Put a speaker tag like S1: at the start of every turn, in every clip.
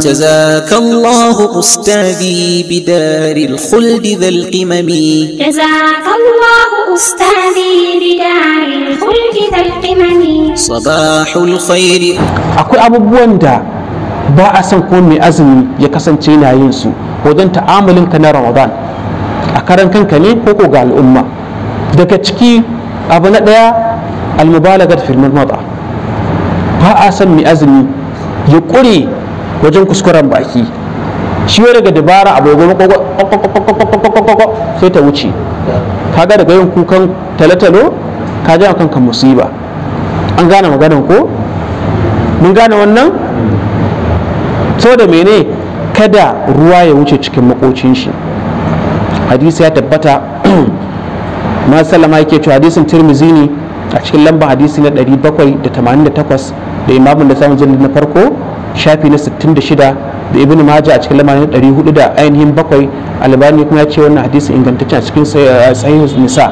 S1: جزاك الله أستاذي بدار الخلد ذا القمم جزاك الله أستاذي بدار الخلد ذا القمم صباح الخير
S2: أكو أبو بوندا ba a son ko mai azumi ya kasance na yin su wajen ta'amalin na ramadan a karan kanka ko ko ga al'umma daga ciki abu na ɗaya almubalagat fil mada ba a son mai azumi ya ƙure wajen kuskuren baki shi wai daga dabara abu ya ta wuce kaga daga yin kukan ka an gane mene kada ruwa ya wuce cikin ya tabbata hadisin tirmizi a cikin lamba hadisi na da da samun na farko shafi na 66 da ibn maja a cikin lamarin 400 da ainihin bakwai albani kuma ya ce wannan hadisi ingantaccen a cikin eh, sahih nisa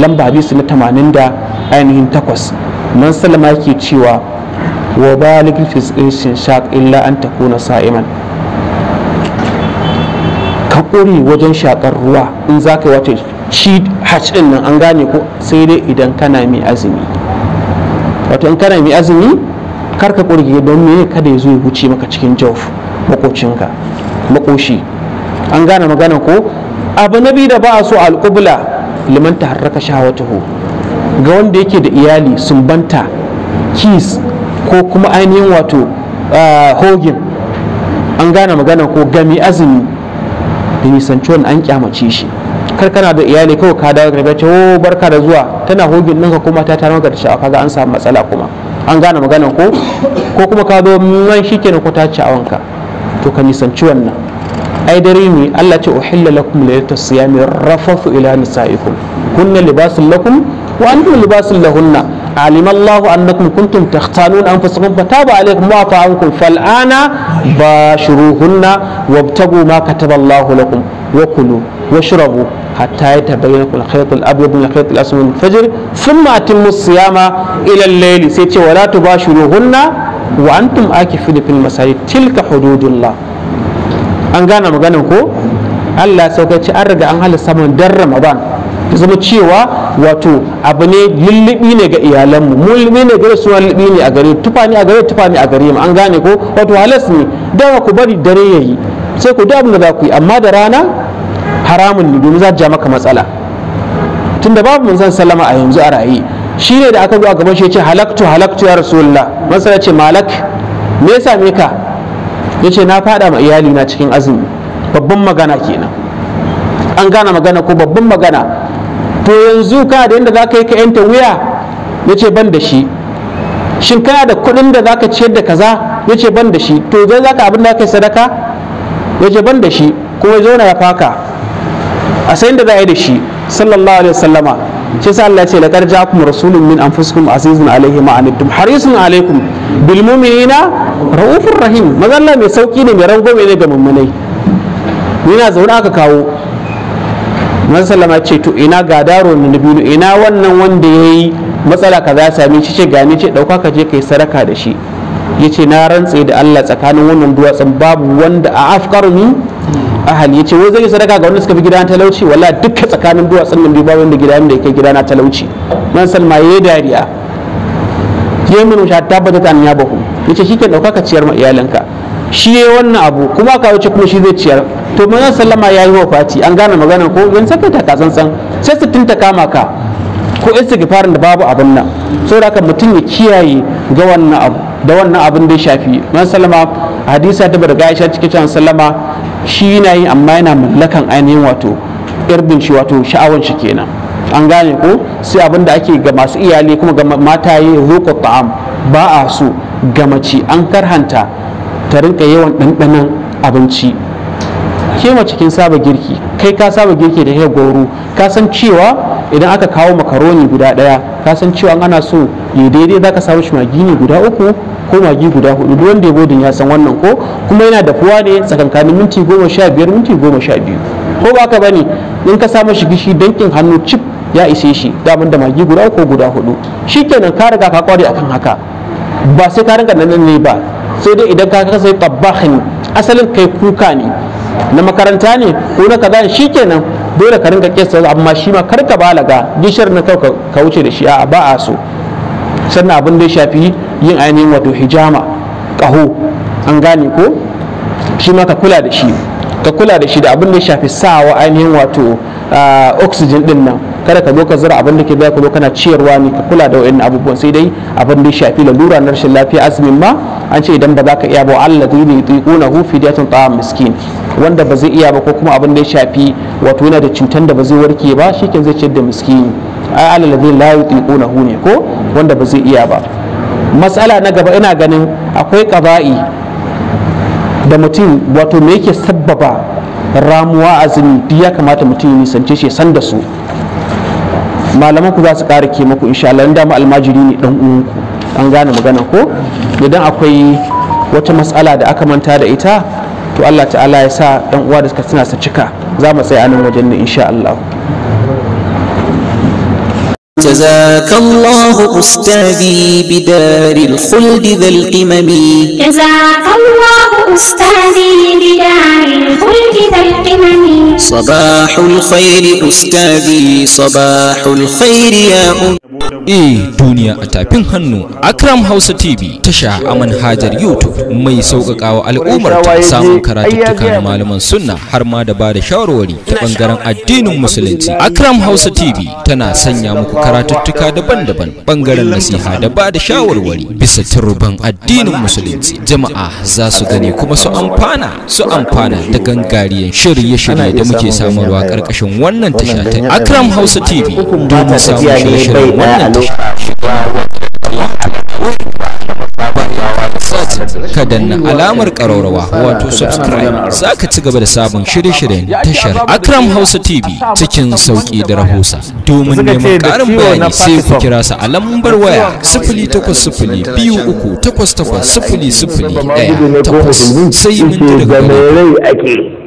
S2: lamba hadisi na 80 da ainihin takwas nan salama yake cewa wa balig fisin shaq illa an takuna sa'iman ka ƙure wajen shakar ruwa in za ka yi wata shi hajj nan an gane ko sai dai idan kana mai azumi wato in kana mai azumi kar ka kurge don me kada ya zo ya wuce maka cikin jauf makocinka makoshi an gane magana ko abu na da ba a so alƙubla liman ta harraka shawatuhu ga wanda yake da iyali sumbanta kis ko kuma ainihin wato ah, hogin an gane magana ko gami azumi da nisanci wani an kyamace shi kar kana da iyali kawai ka dawo ka ce o oh, barka da zuwa tana hogin ɗinka kuma ta tara maka da sha'awa kaga an samu matsala kuma an gane maganan ko ko kuma ka zo man shi kenan ko ta ci wanka to ka nisanci wannan ai dare ne Allah ce uhilla lakum laylatus siyami rafathu ila nisaikum kunna libasul lakum wa antum libasul lahunna علم الله أنكم كنتم تختانون أنفسكم فتاب عليكم وعفى عنكم فالآن باشروهن وابتغوا ما كتب الله لكم وكلوا واشربوا hatta ya tabayyana kun khaytul abyad na khaytul aswad min sun thumma musu yama ila al sai ce wala bashi tubashiruhunna wa antum akifuna fil masajid tilka hududullah an gane maganin ko Allah sauka ce an riga an hali saman dan Ramadan ta zama cewa wato abu ne lullubi ne ga iyalanmu mu lullubi ne gare su lullubi ne a gare tufani a gare tufani a gare mu an gane ko wato halas ne dawa ku bari dare yayi sai ku da abin da za ku yi amma da rana haramun ne domin za ta ja maka matsala da babu manzon sallama a yanzu a raye shi ne da aka zo a gaban shi ya ce halaktu halaktu ya rasulullah masala ce malak me ya same ka ya ce na fada ma iyali na cikin azumi babban magana kenan an gane magana ko babban magana to yanzu ka da yadda za ka yi ka yanta wuya ya ce ban da shi shin kana da kuɗin da za ka ciyar da kaza ya ce ban da shi to zai za ka abin da ka yi sadaka ya ce ban da shi kuma zo zauna ya faka a sai da za a yi da shi sallallahu alaihi wasallama shi sa Allah ce laqad ja'akum rasulun min anfusikum azizun alaihi ma anittum harisun alaikum bil mu'minina raufur rahim mazalla mai sauki ne mai rangwame ne ga mummunai yana zaune aka kawo masallama ce to ina ga daro na dabino ina wannan wanda yayi matsala kaza ya same shi ce gane ce ɗauka ka je kai sadaka saraka da shi yace na rantse da Allah tsakanin wannan duwatsun babu wanda a afkaru ni ahali ya ce wai zai yi sadaka ga wanda suka fi gida talauci wala duka tsakanin duwatsun nan biyu ba wanda gida da yake gida na talauci man salma yayi dariya yayi mun sha tabbata ta ya bahu yace shike dauka ka ciyar ma iyalinka shi yayi wannan abu kuma ka wuce kuma shi zai ciyar to manzon sallama yayi Fati an gane magana ko yan saka ta kasan sai su ta kama ka ko istighfarin da babu abin nan saboda haka mutum ya kiyaye ga wannan abu da wannan abin da ya shafi man sallama hadisa ta barga aisha cikin sallama shi yana yi amma yana mallakan ainihin wato irbin shi wato sha'awan shi kenan an gane ko sai abin da ake ga masu iyali kuma ga mataye roƙo ta'am ba a so ga mace an karhanta ta rinka yawan ɗanɗanon abinci ke mace kin saba girki kai ka saba girki da yau goro ka san cewa idan aka kawo makaroni guda ɗaya ka san cewa ana so ya daidai za ka samu shi magini guda uku ko magi guda hudu duk wanda ya bodin ya san wannan ko kuma yana dafuwa ne tsakankanin minti goma sha biyar minti goma sha biyu ko ba ka bane in ka samu shi gishi dankin hannu cip ya ise shi daman da magi guda ko guda hudu shikenan ka riga ka kware akan haka ba sai ka rinka nan ne ba sai dai idan ka kasa tabbahin asalin kai kuka ne na makaranta ne ko na kaza shikenan dole ka rinka kesa amma shi ma kar ka balaga gishir na kau ka wuce da shi a ba a so sannan abin da ya shafi yin ainihin wato hijama ƙaho an gane ko shi ma ka kula da shi ka kula da shi da abin da ya shafi sawa ainihin wato ah, oxygen din nan kada ka zo ka zura abin da ke baya kuma kana ciyarwa ne ka kula da wa'in abubuwan sai dai abin da ya shafi lalura na rashin lafiya azumin ma an ce idan ba za ka iya ba Allah zai ne tsiquna hu fidyatun ta'am miskin wanda ba zai iya ba ko kuma abin da ya shafi wato yana da cutan da ba zai warke ba shi zai ciyar da miskini ai alladhi la hu ne ko wanda ba zai iya ba matsala na gaba ina ganin akwai ƙaba'i da mutum wato me yake sabbaba ramuwa azumi duk ya kamata mutum ya nisance shi san da su malaman ku za su ƙara ke muku insha Allah dama almajiri ne dan uwanku an gane magana ko idan akwai wata matsala da aka manta da ita to Allah ta'ala ya sa dan uwa da suka suna su cika za mu tsaya nan wajen insha Allah
S1: جزاك الله أستاذي بدار الخلد ذا القمم جزاك الله أستاذي بدار الخلد ذا القمم صباح الخير أستاذي صباح الخير يا أم e duniya a tafin hannu Akram Hausa TV tasha a manhajar YouTube mai sauƙaƙawa al'ummar ta samun karatuttuka na malaman sunna har ma da ba da shawarwari ta bangaren addinin musulunci. Akram Hausa TV tana sanya muku karatuttuka daban-daban bangaren nasiha da ba da shawarwari bisa turban addinin musulunci. Jama'a za su gani kuma su amfana su amfana da gangariyan shirye-shirye da muke samarwa ƙarƙashin wannan tasha ta Akram Hausa TV domin samun shirye-shiryen ka danna alamar ƙararrawa wato subscribe za ka ci gaba da sabon shirye-shiryen tashar akram hausa tv cikin sauƙi da rahusa domin neman ƙarin bayani sai ku kira su a lambar waya sifili takwas sifili biyu uku takwas takwas sifili ɗaya takwas sai mun ji daga